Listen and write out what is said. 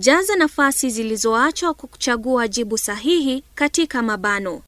Jaza nafasi zilizoachwa kwa kuchagua jibu sahihi katika mabano.